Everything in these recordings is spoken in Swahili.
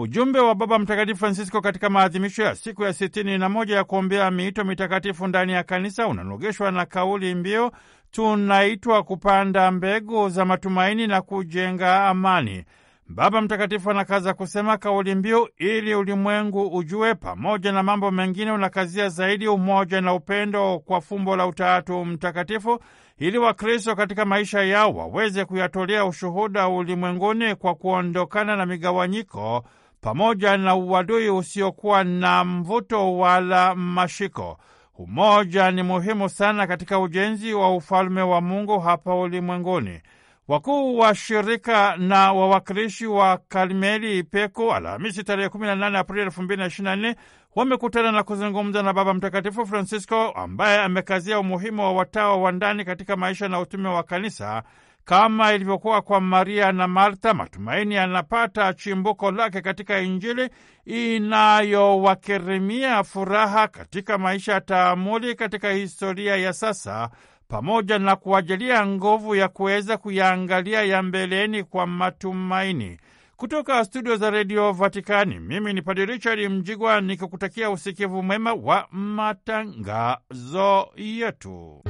Ujumbe wa Baba Mtakatifu Francisco katika maadhimisho ya siku ya sitini na moja ya kuombea miito mitakatifu ndani ya kanisa unanogeshwa na kauli mbiu tunaitwa kupanda mbegu za matumaini na kujenga amani. Baba Mtakatifu anakaza kusema kauli mbiu ili ulimwengu ujue, pamoja na mambo mengine, unakazia zaidi umoja na upendo kwa fumbo la Utatu Mtakatifu, ili Wakristo katika maisha yao waweze kuyatolea ushuhuda ulimwenguni kwa kuondokana na migawanyiko pamoja na uadui usiokuwa na mvuto wala mashiko. Umoja ni muhimu sana katika ujenzi wa ufalme wa Mungu hapa ulimwenguni. Wakuu wa shirika na wawakilishi wa Karmeli Ipeku Alhamisi tarehe 18 Aprili 2024 wamekutana na kuzungumza na Baba Mtakatifu Francisco ambaye amekazia umuhimu wa watawa wa ndani katika maisha na utume wa kanisa kama ilivyokuwa kwa Maria na Martha, matumaini yanapata chimbuko lake katika Injili inayowakirimia furaha katika maisha ya taamuli, katika historia ya sasa, pamoja na kuajilia nguvu ya kuweza kuyaangalia ya mbeleni kwa matumaini. Kutoka studio za redio Vatikani, mimi ni Padre Richard Mjigwa nikikutakia usikivu mwema wa matangazo yetu.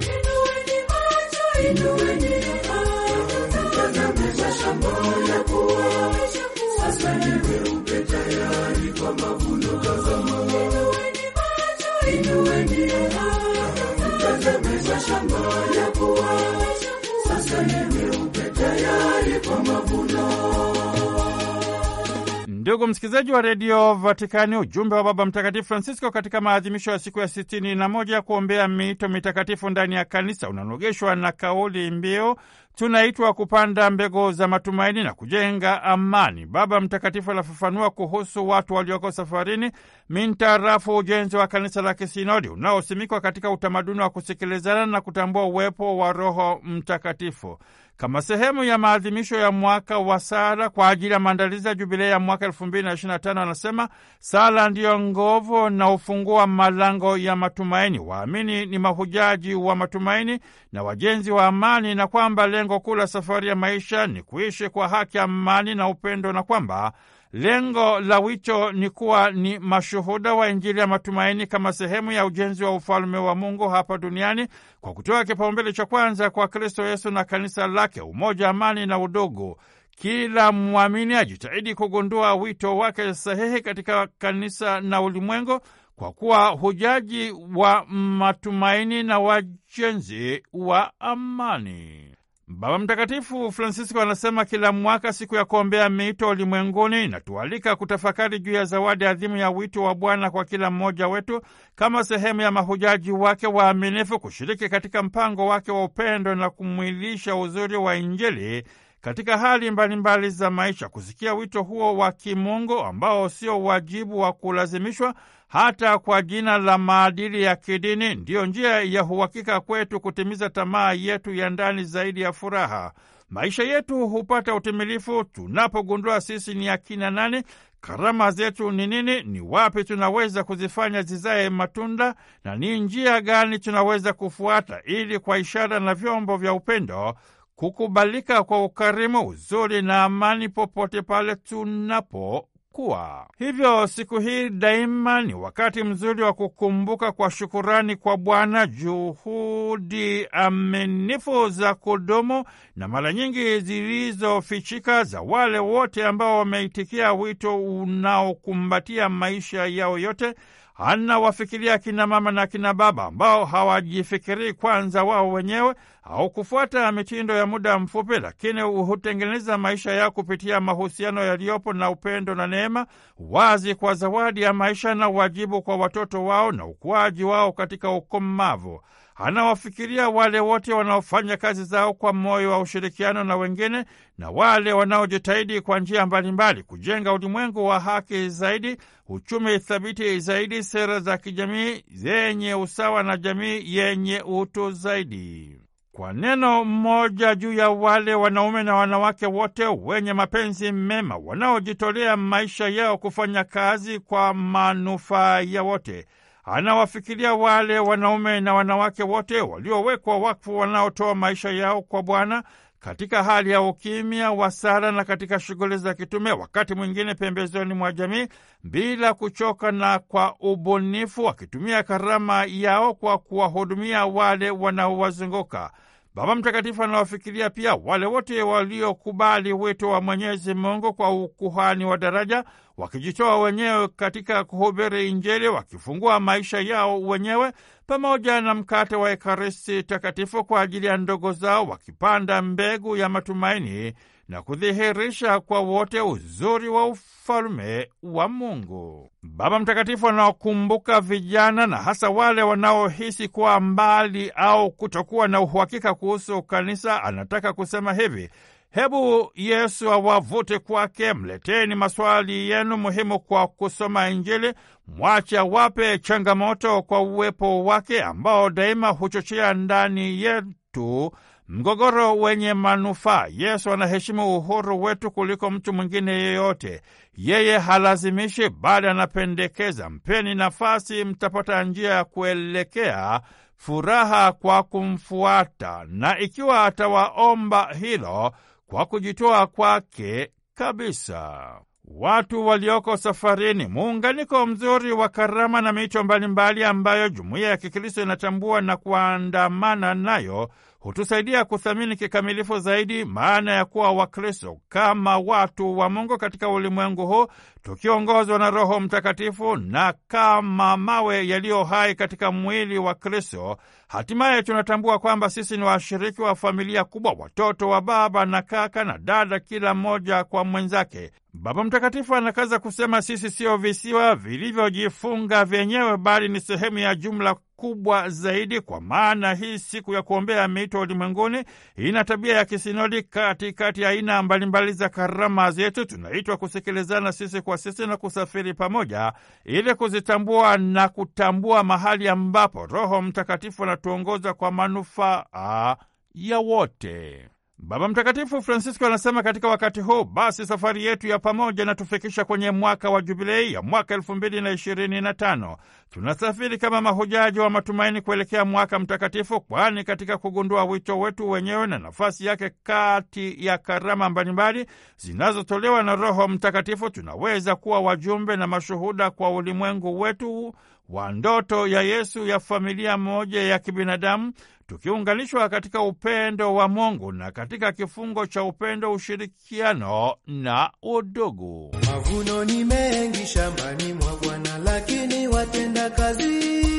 Ndugu msikilizaji wa redio Vatikani, ujumbe wa Baba Mtakatifu Francisco katika maadhimisho ya siku ya sitini na moja ya kuombea miito mitakatifu ndani ya kanisa unanogeshwa na kauli mbiu tunaitwa kupanda mbegu za matumaini na kujenga amani. Baba Mtakatifu anafafanua kuhusu watu walioko safarini mintarafu ujenzi wa kanisa la kisinodi unaosimikwa katika utamaduni wa kusikilizana na kutambua uwepo wa Roho Mtakatifu. Kama sehemu ya maadhimisho ya mwaka wa sala kwa ajili ya maandalizi ya jubilei ya mwaka elfu mbili na na tano, anasema sala ndiyo nguvu na ufungua malango ya matumaini. Waamini ni mahujaji wa matumaini na wajenzi wa amani, na kwamba lengo lengo kuu la safari ya maisha ni kuishi kwa haki, amani na upendo, na kwamba lengo la wito ni kuwa ni mashuhuda wa Injili ya matumaini kama sehemu ya ujenzi wa ufalme wa Mungu hapa duniani kwa kutoa kipaumbele cha kwanza kwa Kristo Yesu na kanisa lake, umoja, amani na udugu. Kila mwamini ajitahidi kugundua wito wake sahihi katika kanisa na ulimwengu, kwa kuwa hujaji wa matumaini na wajenzi wa amani. Baba Mtakatifu Francisco anasema kila mwaka siku ya kuombea miito ulimwenguni inatualika kutafakari juu ya zawadi adhimu ya wito wa Bwana kwa kila mmoja wetu kama sehemu ya mahujaji wake waaminifu kushiriki katika mpango wake wa upendo na kumwilisha uzuri wa Injili katika hali mbalimbali mbali za maisha. Kusikia wito huo wa kimungu ambao sio wajibu wa kulazimishwa hata kwa jina la maadili ya kidini, ndiyo njia ya uhakika kwetu kutimiza tamaa yetu ya ndani zaidi ya furaha. Maisha yetu hupata utimilifu tunapogundua sisi ni akina nani, karama zetu ni nini, ni wapi tunaweza kuzifanya zizae matunda, na ni njia gani tunaweza kufuata ili kwa ishara na vyombo vya upendo kukubalika kwa ukarimu, uzuri na amani popote pale tunapo kuwa. Hivyo siku hii daima ni wakati mzuri wa kukumbuka kwa shukurani kwa Bwana juhudi aminifu za kudumu na mara nyingi zilizofichika za wale wote ambao wameitikia wito unaokumbatia maisha yao yote anawafikiria kina mama na kina baba ambao hawajifikirii kwanza wao wenyewe au kufuata mitindo ya muda mfupi, lakini hutengeneza maisha yao kupitia mahusiano yaliyopo na upendo na neema wazi, kwa zawadi ya maisha na wajibu kwa watoto wao na ukuaji wao katika ukomavu anawafikiria wale wote wanaofanya kazi zao kwa moyo wa ushirikiano na wengine na wale wanaojitahidi kwa njia mbalimbali kujenga ulimwengu wa haki zaidi, uchumi thabiti zaidi, sera za kijamii zenye usawa na jamii yenye utu zaidi. Kwa neno mmoja juu ya wale wanaume na wanawake wote wenye mapenzi mema wanaojitolea maisha yao kufanya kazi kwa manufaa ya wote anawafikiria wale wanaume na wanawake wote waliowekwa wakfu wanaotoa maisha yao kwa Bwana katika hali ya ukimya wa sala na katika shughuli za kitume, wakati mwingine pembezoni mwa jamii, bila kuchoka na kwa ubunifu, wakitumia karama yao kwa kuwahudumia wale wanaowazunguka. Baba Mtakatifu anawafikiria pia wale wote waliokubali wito wa Mwenyezi Mungu kwa ukuhani wa daraja, wakijitoa wenyewe katika kuhubiri Injili, wakifungua maisha yao wenyewe pamoja na mkate wa Ekaristi Takatifu kwa ajili ya ndogo zao, wakipanda mbegu ya matumaini na kudhihirisha kwa wote uzuri wa ufalme wa Mungu. Baba Mtakatifu anawakumbuka vijana na hasa wale wanaohisi kuwa mbali au kutokuwa na uhakika kuhusu kanisa. Anataka kusema hivi: Hebu Yesu awavute kwake, mleteni maswali yenu muhimu kwa kusoma Injili, mwache awape changamoto kwa uwepo wake ambao daima huchochea ndani yetu mgogoro wenye manufaa. Yesu anaheshimu uhuru wetu kuliko mtu mwingine yeyote. Yeye halazimishi, bali anapendekeza. Mpeni nafasi, mtapata njia ya kuelekea furaha kwa kumfuata, na ikiwa atawaomba hilo kwa kujitoa kwake kabisa. Watu walioko safarini, muunganiko mzuri wa karama na mito mbalimbali ambayo jumuiya ya Kikristo inatambua na kuandamana nayo hutusaidia kuthamini kikamilifu zaidi maana ya kuwa Wakristo kama watu wa Mungu katika ulimwengu huu tukiongozwa na Roho Mtakatifu na kama mawe yaliyo hai katika mwili wa Kristo, hatimaye tunatambua kwamba sisi ni washiriki wa familia kubwa, watoto wa baba na kaka na dada, kila mmoja kwa mwenzake. Baba Mtakatifu anakaza kusema, sisi siyo visiwa vilivyojifunga vyenyewe, bali ni sehemu ya jumla kubwa zaidi. Kwa maana hii siku ya kuombea miito ulimwenguni ina tabia ya kisinodi, katikati ya aina mbalimbali za karama zetu tunaitwa kusikilizana sisi kwa sisi na kusafiri pamoja ili kuzitambua na kutambua mahali ambapo Roho Mtakatifu anatuongoza kwa manufaa ya wote. Baba Mtakatifu Francisco anasema katika wakati huu basi safari yetu ya pamoja inatufikisha kwenye mwaka wa jubilei ya mwaka elfu mbili na ishirini na tano. Tunasafiri kama mahujaji wa matumaini kuelekea mwaka mtakatifu, kwani katika kugundua wito wetu wenyewe na nafasi yake kati ya karama mbalimbali zinazotolewa na Roho Mtakatifu, tunaweza kuwa wajumbe na mashuhuda kwa ulimwengu wetu wa ndoto ya Yesu ya familia moja ya kibinadamu tukiunganishwa katika upendo wa Mungu na katika kifungo cha upendo, ushirikiano na udugu. Mavuno ni mengi shambani mwa Bwana, lakini watenda kazi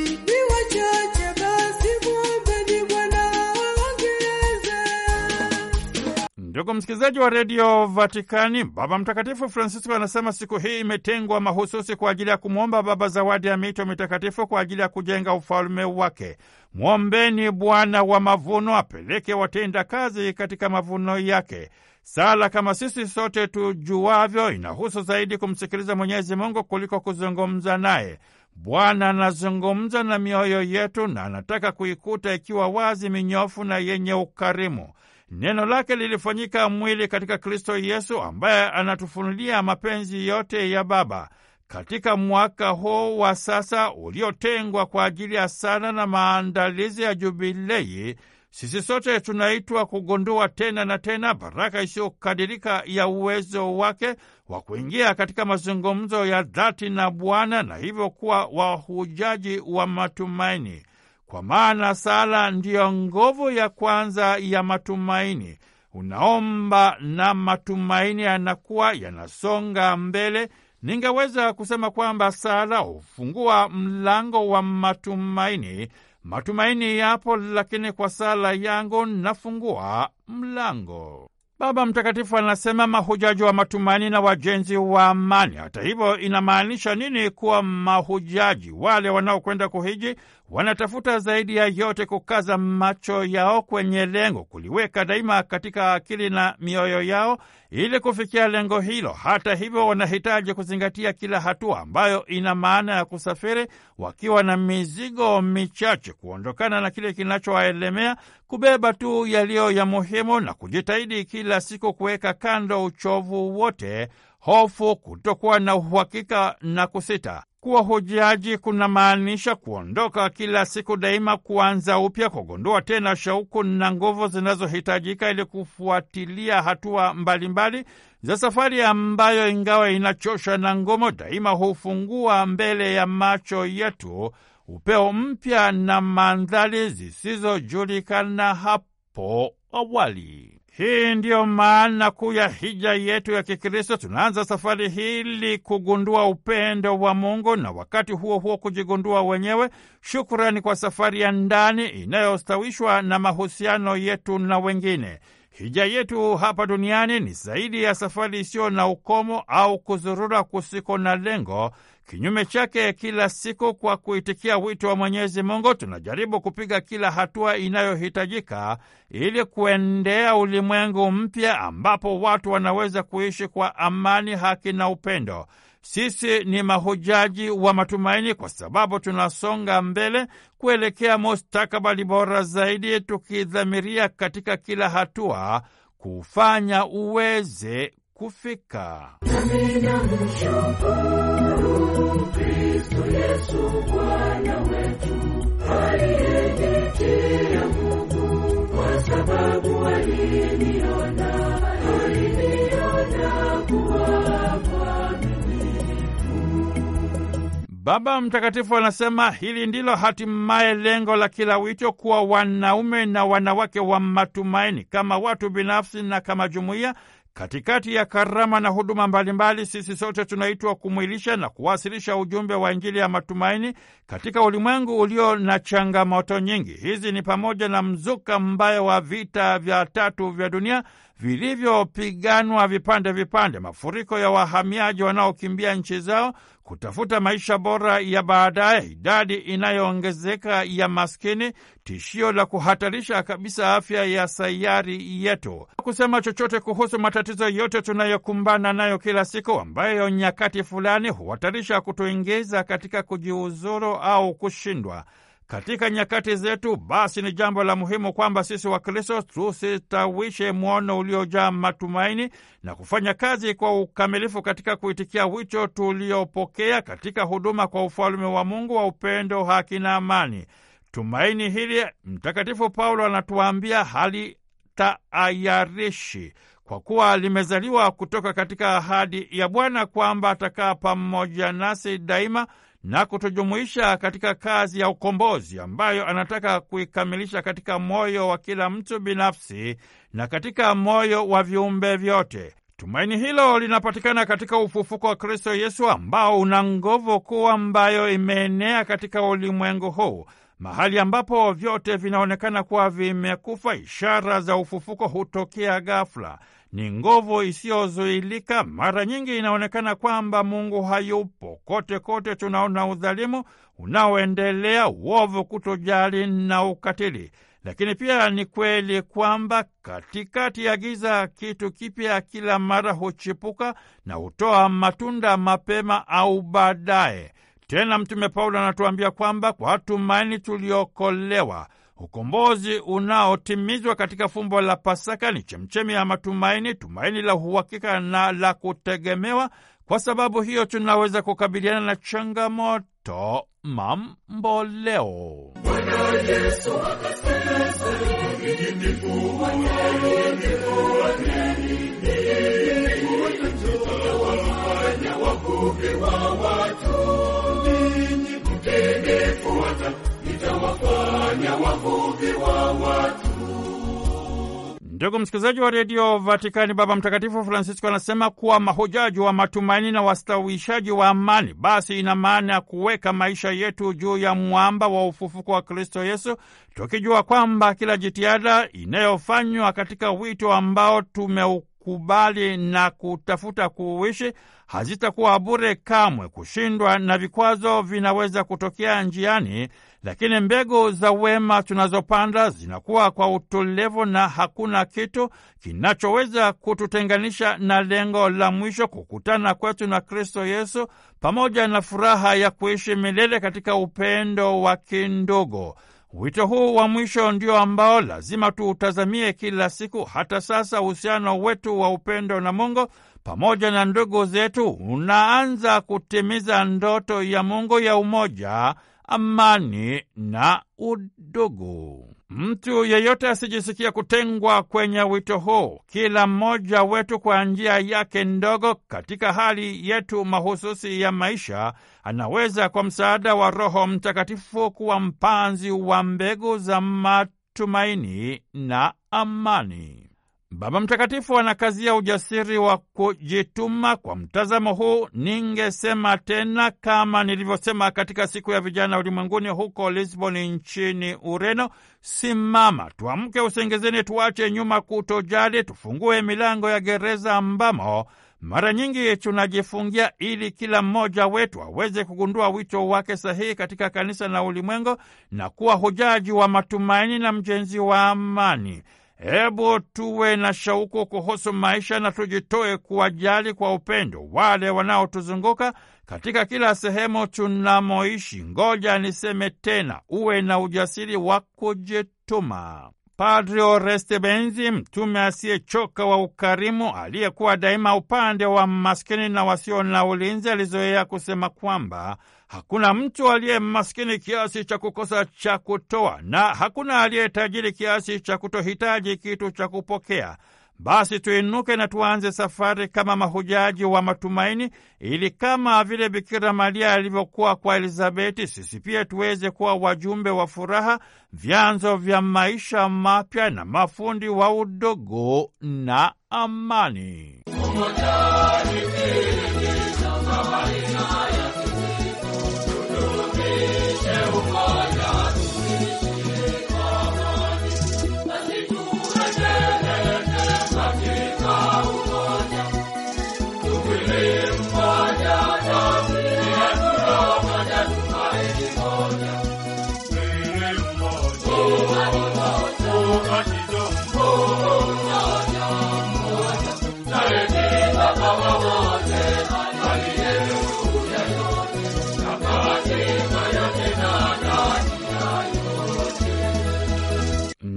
ni wachache. Basi mwombeni Bwana awaongeze. Ndugu msikilizaji wa redio Vatikani, Baba Mtakatifu Francisco anasema siku hii imetengwa mahususi kwa ajili ya kumwomba Baba zawadi ya mito mitakatifu kwa ajili ya kujenga ufalme wake. Mwombeni Bwana wa mavuno apeleke watenda kazi katika mavuno yake. Sala kama sisi sote tujuavyo, inahusu zaidi kumsikiliza Mwenyezi Mungu kuliko kuzungumza naye. Bwana anazungumza na mioyo yetu na anataka kuikuta ikiwa wazi, minyofu na yenye ukarimu. Neno lake lilifanyika mwili katika Kristo Yesu, ambaye anatufunulia mapenzi yote ya Baba katika mwaka huu wa sasa uliotengwa kwa ajili ya sala na maandalizi ya jubilei, sisi sote tunaitwa kugundua tena na tena baraka isiyokadirika ya uwezo wake wa kuingia katika mazungumzo ya dhati na Bwana na hivyo kuwa wahujaji wa matumaini, kwa maana sala ndiyo nguvu ya kwanza ya matumaini. Unaomba na matumaini yanakuwa yanasonga mbele ningeweza kusema kwamba sala hufungua mlango wa matumaini. Matumaini yapo, lakini kwa sala yangu nafungua mlango. Baba Mtakatifu anasema mahujaji wa matumaini na wajenzi wa amani. Hata hivyo, inamaanisha nini kuwa mahujaji? Wale wanaokwenda kuhiji wanatafuta zaidi ya yote kukaza macho yao kwenye lengo, kuliweka daima katika akili na mioyo yao ili kufikia lengo hilo. Hata hivyo, wanahitaji kuzingatia kila hatua ambayo ina maana ya kusafiri wakiwa na mizigo michache, kuondokana na kile kinachowaelemea, kubeba tu yaliyo ya muhimu na kujitahidi kila siku kuweka kando uchovu wote, hofu, kutokuwa na uhakika na kusita kuwa kuna maanisha kuondoka kila siku daima, kuanza upya, kugundua tena shauku na nguvu zinazohitajika ili kufuatilia hatua mbalimbali za safari ambayo, ingawa inachosha na ngumu, daima hufungua mbele ya macho yetu upeo mpya na mandhari zisizojulikana hapo awali. Hii ndiyo maana kuu ya hija yetu ya Kikristo. Tunaanza safari hili kugundua upendo wa Mungu na wakati huo huo kujigundua wenyewe, shukrani kwa safari ya ndani inayostawishwa na mahusiano yetu na wengine. Hija yetu hapa duniani ni zaidi ya safari isiyo na ukomo au kuzurura kusiko na lengo, Kinyume chake, kila siku kwa kuitikia wito wa Mwenyezi Mungu, tunajaribu kupiga kila hatua inayohitajika ili kuendea ulimwengu mpya ambapo watu wanaweza kuishi kwa amani, haki na upendo. Sisi ni mahujaji wa matumaini kwa sababu tunasonga mbele kuelekea mustakabali bora zaidi, tukidhamiria katika kila hatua kufanya uweze kufika. Baba Mtakatifu anasema hili ndilo hatimaye lengo la kila wito, kuwa wanaume na wanawake wa matumaini, kama watu binafsi na kama jumuiya, Katikati ya karama na huduma mbalimbali, sisi sote tunaitwa kumwilisha na kuwasilisha ujumbe wa Injili ya matumaini katika ulimwengu ulio na changamoto nyingi. Hizi ni pamoja na mzuka mbaya wa vita vya tatu vya dunia vilivyopiganwa vipande vipande, mafuriko ya wahamiaji wanaokimbia nchi zao kutafuta maisha bora ya baadaye, idadi inayoongezeka ya maskini, tishio la kuhatarisha kabisa afya ya sayari yetu. Kusema chochote kuhusu matatizo yote tunayokumbana nayo kila siku, ambayo nyakati fulani huhatarisha kutuingiza katika kujiuzuru au kushindwa katika nyakati zetu, basi ni jambo la muhimu kwamba sisi Wakristo tusitawishe mwono uliojaa matumaini na kufanya kazi kwa ukamilifu katika kuitikia wicho tuliopokea katika huduma kwa ufalume wa Mungu wa upendo, haki na amani. Tumaini hili Mtakatifu Paulo anatuambia halitaayarishi kwa kuwa limezaliwa kutoka katika ahadi ya Bwana kwamba atakaa pamoja nasi daima na kutujumuisha katika kazi ya ukombozi ambayo anataka kuikamilisha katika moyo wa kila mtu binafsi na katika moyo wa viumbe vyote. Tumaini hilo linapatikana katika ufufuko wa Kristo Yesu ambao una nguvu kuu ambayo imeenea katika ulimwengu huu, mahali ambapo vyote vinaonekana kuwa vimekufa. Ishara za ufufuko hutokea ghafla ni nguvu isiyozuilika. Mara nyingi inaonekana kwamba Mungu hayupo. Kote kote tunaona udhalimu unaoendelea, uovu, kutojali na ukatili. Lakini pia ni kweli kwamba katikati ya giza kitu kipya kila mara huchipuka na hutoa matunda mapema au baadaye. Tena Mtume Paulo anatuambia kwamba kwa tumaini tuliokolewa Ukombozi unaotimizwa katika fumbo la Pasaka ni chemchemi ya matumaini, tumaini la uhakika na la kutegemewa. Kwa sababu hiyo, tunaweza kukabiliana na changamoto mamboleo. wavuvi wa watu. Ndugu msikilizaji wa redio Vatikani, Baba Mtakatifu Francisco anasema kuwa mahujaji wa matumaini na wastawishaji wa amani, basi ina maana ya kuweka maisha yetu juu ya mwamba wa ufufuko wa Kristo Yesu, tukijua kwamba kila jitihada inayofanywa katika wito ambao tumeukubali na kutafuta kuuishi hazitakuwa bure kamwe. Kushindwa na vikwazo vinaweza kutokea njiani lakini mbegu za wema tunazopanda zinakuwa kwa utulivu na hakuna kitu kinachoweza kututenganisha na lengo la mwisho, kukutana kwetu na Kristo Yesu, pamoja na furaha ya kuishi milele katika upendo wa kindugu. Wito huu wa mwisho ndio ambao lazima tuutazamie kila siku. Hata sasa uhusiano wetu wa upendo na Mungu pamoja na ndugu zetu unaanza kutimiza ndoto ya Mungu ya umoja amani na udugu. Mtu yeyote asijisikia kutengwa kwenye wito huu. Kila mmoja wetu kwa njia yake ndogo, katika hali yetu mahususi ya maisha, anaweza kwa msaada wa Roho Mtakatifu kuwa mpanzi wa mbegu za matumaini na amani. Baba Mtakatifu ana kazi ya ujasiri wa kujituma. Kwa mtazamo huu, ningesema tena kama nilivyosema katika siku ya vijana ulimwenguni huko lisbon nchini Ureno: simama, tuamke usengezeni, tuache nyuma kutojali, tufungue milango ya gereza ambamo mara nyingi tunajifungia ili kila mmoja wetu aweze kugundua wito wake sahihi katika kanisa na ulimwengu na kuwa hujaji wa matumaini na mjenzi wa amani. Hebu tuwe na shauku kuhusu maisha na tujitoe kuwajali kwa upendo wale wanaotuzunguka katika kila sehemu tunamoishi. Ngoja niseme tena, uwe na ujasiri wa kujituma. Padri Oreste Benzi, mtume asiyechoka wa ukarimu, aliyekuwa daima upande wa maskini na wasio na ulinzi, alizoea kusema kwamba Hakuna mtu aliye maskini kiasi cha kukosa cha kutoa, na hakuna aliye tajiri kiasi cha kutohitaji kitu cha kupokea. Basi tuinuke na tuanze safari kama mahujaji wa matumaini, ili kama vile Bikira Maria alivyokuwa kwa Elizabeti, sisi pia tuweze kuwa wajumbe wa furaha, vyanzo vya maisha mapya na mafundi wa udogo na amani.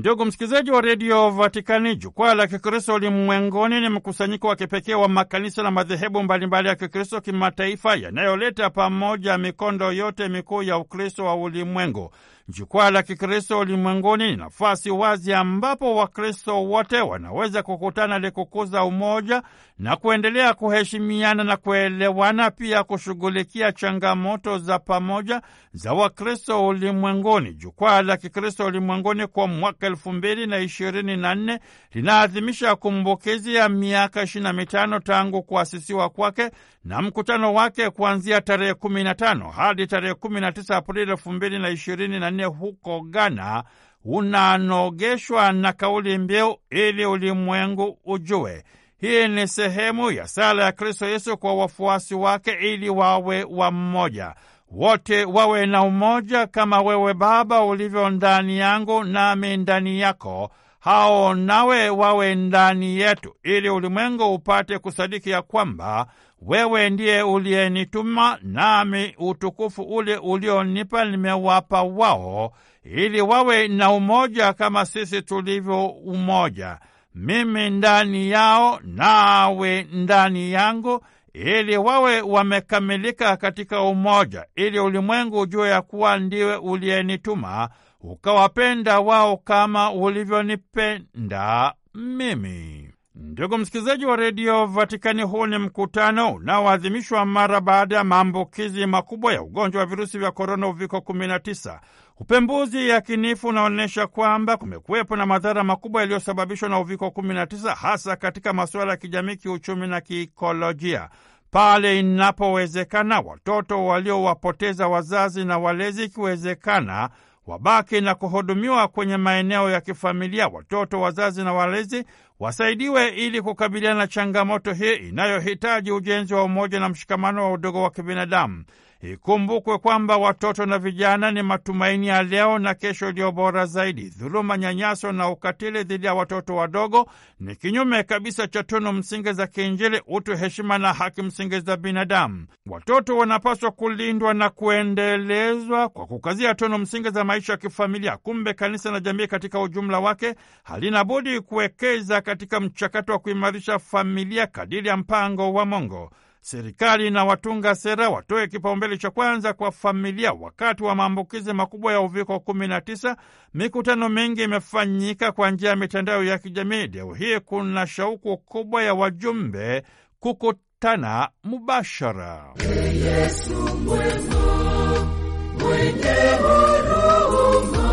Ndugu msikilizaji wa redio Vatikani, jukwaa la Kikristo ulimwenguni ni mkusanyiko wa kipekee wa makanisa na madhehebu mbalimbali ya Kikristo kimataifa yanayoleta pamoja mikondo yote mikuu ya Ukristo wa ulimwengu. Jukwaa la Kikristo ulimwenguni ni nafasi wazi ambapo Wakristo wote wanaweza kukutana ili kukuza umoja na kuendelea kuheshimiana na kuelewana, pia kushughulikia changamoto za pamoja za Wakristo ulimwenguni. Jukwaa la Kikristo ulimwenguni kwa mwaka elfu mbili na ishirini na nne linaadhimisha kumbukizi ya miaka ishirini na mitano tangu kuasisiwa kwake na mkutano wake kuanzia tarehe kumi na tano hadi tarehe kumi na tisa Aprili elfu mbili na ishirini na nane huko Ghana unanogeshwa na kauli mbiu ili ulimwengu ujue. Hii ni sehemu ya sala ya Kristo Yesu kwa wafuasi wake ili wawe mmoja, wote wawe na umoja kama wewe Baba ulivyo ndani yangu nami ndani yako, hao nawe wawe ndani yetu, ili ulimwengu upate kusadiki ya kwamba wewe ndiye uliyenituma, nami utukufu ule ulionipa nimewapa wao, ili wawe na umoja kama sisi tulivyo umoja, mimi ndani yao, nawe ndani yangu, ili wawe wamekamilika katika umoja, ili ulimwengu ujue ya kuwa ndiwe uliyenituma, ukawapenda wao kama ulivyonipenda mimi. Ndugu msikilizaji wa redio Vatikani, huu ni mkutano unaoadhimishwa mara baada ya maambukizi makubwa ya ugonjwa wa virusi vya korona uviko 19. Upembuzi yakinifu unaonyesha kwamba kumekuwepo na madhara makubwa yaliyosababishwa na uviko 19, hasa katika masuala ya kijamii, kiuchumi na kiikolojia. Pale inapowezekana, watoto waliowapoteza wazazi na walezi, ikiwezekana wabaki na kuhudumiwa kwenye maeneo ya kifamilia. Watoto, wazazi na walezi wasaidiwe ili kukabiliana na changamoto hii inayohitaji ujenzi wa umoja na mshikamano wa udogo wa kibinadamu. Ikumbukwe kwamba watoto na vijana ni matumaini ya leo na kesho iliyo bora zaidi. Dhuluma, nyanyaso na ukatili dhidi ya watoto wadogo ni kinyume kabisa cha tunu msingi za kiinjili, utu, heshima na haki msingi za binadamu. Watoto wanapaswa kulindwa na kuendelezwa kwa kukazia tunu msingi za maisha ya kifamilia. Kumbe kanisa na jamii katika ujumla wake halina budi kuwekeza katika mchakato wa kuimarisha familia kadiri ya mpango wa Mungu serikali na watunga sera watoe kipaumbele cha kwanza kwa familia. Wakati wa maambukizi makubwa ya uviko 19, mikutano mingi imefanyika kwa njia ya mitandao ya kijamii. Leo hii kuna shauku kubwa ya wajumbe kukutana mubashara. Yesu mwema, mwenye huruma,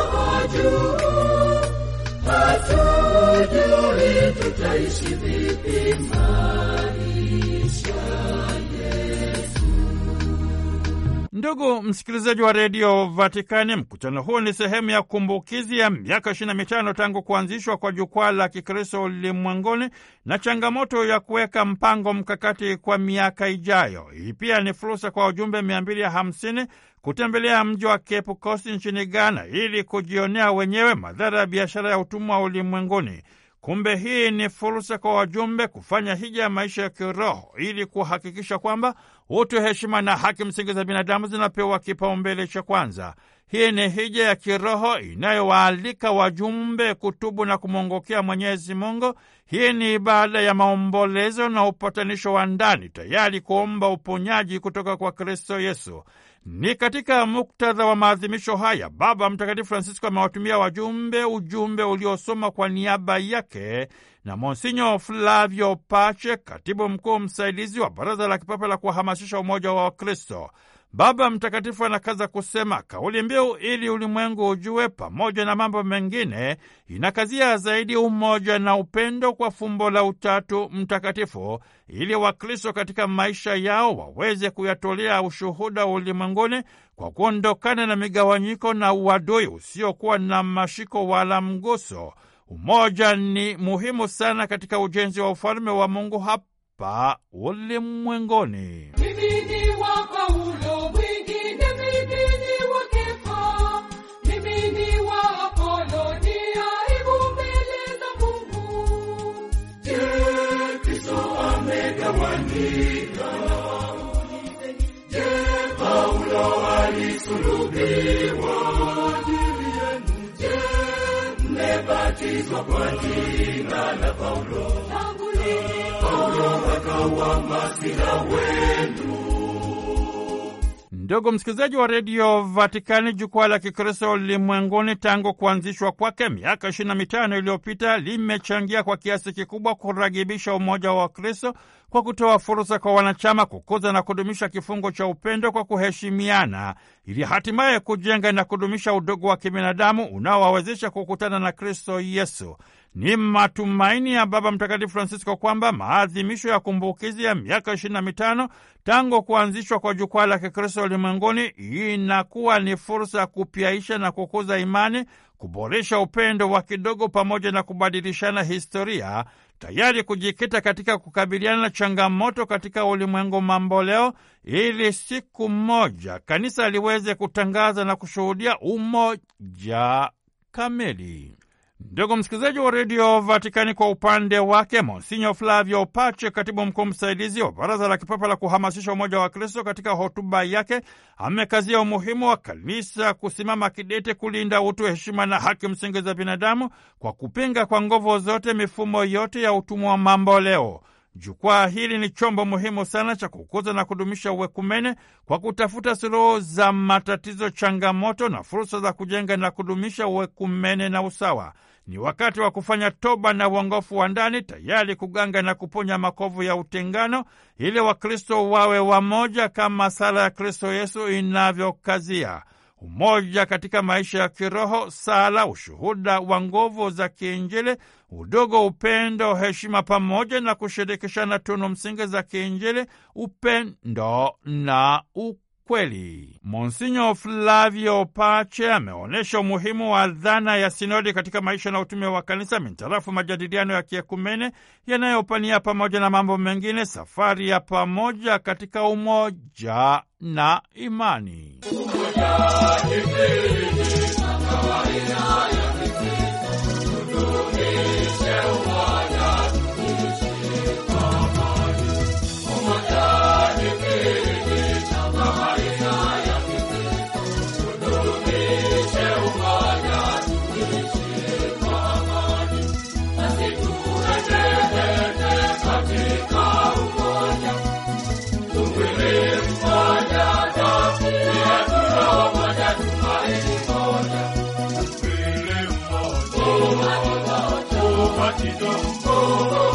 vipi maisha yetu? Ndugu msikilizaji wa redio Vatikani, mkutano huu ni sehemu ya kumbukizi ya miaka 25 tangu kuanzishwa kwa jukwaa la Kikristo ulimwenguni na changamoto ya kuweka mpango mkakati kwa miaka ijayo. Hii pia ni fursa kwa ujumbe 250 kutembelea mji wa Cape Coast nchini Ghana ili kujionea wenyewe madhara ya biashara ya utumwa ulimwenguni. Kumbe hii ni fursa kwa wajumbe kufanya hija ya maisha ya kiroho ili kuhakikisha kwamba utu, heshima na haki msingi za binadamu zinapewa kipaumbele cha kwanza. Hii ni hija ya kiroho inayowaalika wajumbe kutubu na kumwongokea Mwenyezi Mungu. Hii ni ibada ya maombolezo na upatanisho wa ndani, tayari kuomba uponyaji kutoka kwa Kristo Yesu. Ni katika muktadha wa maadhimisho haya, Baba Mtakatifu Francisco amewatumia wajumbe ujumbe uliosoma kwa niaba yake na Monsinyo Flavio Pache, katibu mkuu msaidizi wa Baraza la Kipapa la Kuhamasisha Umoja wa Wakristo. Baba Mtakatifu anakaza kusema kauli mbiu ili ulimwengu ujue, pamoja na mambo mengine, inakazia zaidi umoja na upendo kwa fumbo la Utatu Mtakatifu, ili Wakristo katika maisha yao waweze kuyatolea ushuhuda ulimwenguni kwa kuondokana na migawanyiko na uadui usiokuwa na mashiko wala mguso. Umoja ni muhimu sana katika ujenzi wa ufalme wa Mungu hapa ulimwenguni. alisulubiwa mmebatizwa kwa jina la Paulo, Paulo akawa masila wenu Ndugu msikilizaji wa redio Vatikani, jukwaa la Kikristo ulimwenguni tangu kuanzishwa kwake miaka ishirini na mitano iliyopita limechangia kwa kiasi kikubwa kuragibisha umoja wa Wakristo kwa kutoa fursa kwa wanachama kukuza na kudumisha kifungo cha upendo kwa kuheshimiana, ili hatimaye kujenga na kudumisha udugu wa kibinadamu unaowawezesha kukutana na Kristo Yesu. Ni matumaini ya Baba Mtakatifu Francisco kwamba maadhimisho ya kumbukizi ya miaka ishirini na mitano tangu kuanzishwa kwa jukwaa la Kikristo ulimwenguni inakuwa ni fursa ya kupyaisha na kukuza imani, kuboresha upendo wa kidogo, pamoja na kubadilishana historia, tayari kujikita katika kukabiliana na changamoto katika ulimwengu mamboleo, ili siku moja kanisa liweze kutangaza na kushuhudia umoja kamili. Ndugu msikilizaji wa redio Vatikani, kwa upande wake Monsinyo Flavio Pache, katibu mkuu msaidizi wa baraza la kipapa la kuhamasisha umoja wa Kristo, katika hotuba yake amekazia umuhimu wa kanisa kusimama kidete kulinda utu, heshima na haki msingi za binadamu kwa kupinga kwa nguvu zote mifumo yote ya utumwa wa mambo leo. Jukwaa hili ni chombo muhimu sana cha kukuza na kudumisha uwekumene kwa kutafuta suluhu za matatizo, changamoto na fursa za kujenga na kudumisha uwekumene na usawa. Ni wakati wa kufanya toba na uongofu wa ndani, tayari kuganga na kuponya makovu ya utengano, ili Wakristo wawe wamoja kama sala ya Kristo Yesu inavyokazia umoja katika maisha ya kiroho, sala, ushuhuda wa nguvu za kiinjili, udogo, upendo, heshima, pamoja na kushirikishana tunu msingi za kiinjili, upendo na uku kweli. Monsinyo Flavio Pache ameonyesha umuhimu wa dhana ya sinodi katika maisha na utume wa kanisa, mintarafu majadiliano ya kiekumene yanayopania pamoja na mambo mengine, safari ya pamoja katika umoja na imani umoja, Lord, you do. Oh, oh. oh.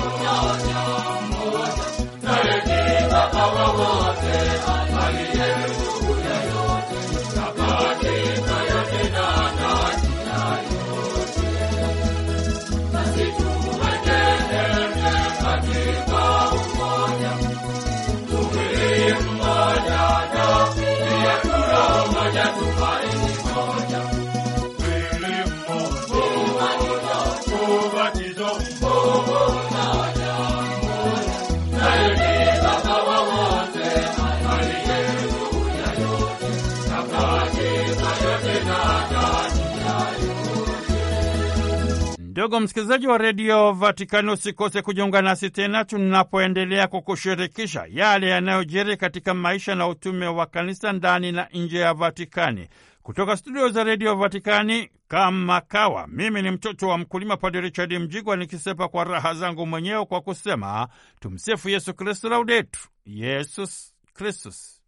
ndogo msikilizaji wa redio Vatikani, usikose kujiunga nasi tena tunapoendelea kukushirikisha yale yanayojiri katika maisha na utume wa kanisa ndani na nje ya Vatikani. Kutoka studio za redio Vatikani kama kawa, mimi ni mtoto wa mkulima Padre Richard Mjigwa, nikisepa kwa raha zangu mwenyewe kwa kusema tumsifu Yesu Kristu, laudetu Yesus Kristus.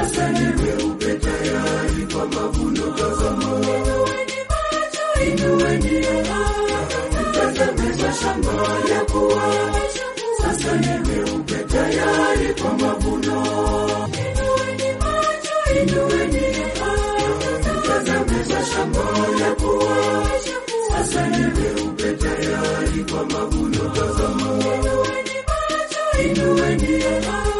Sasa nimeupe kwa mavuno, tazama inueni tazameza inueni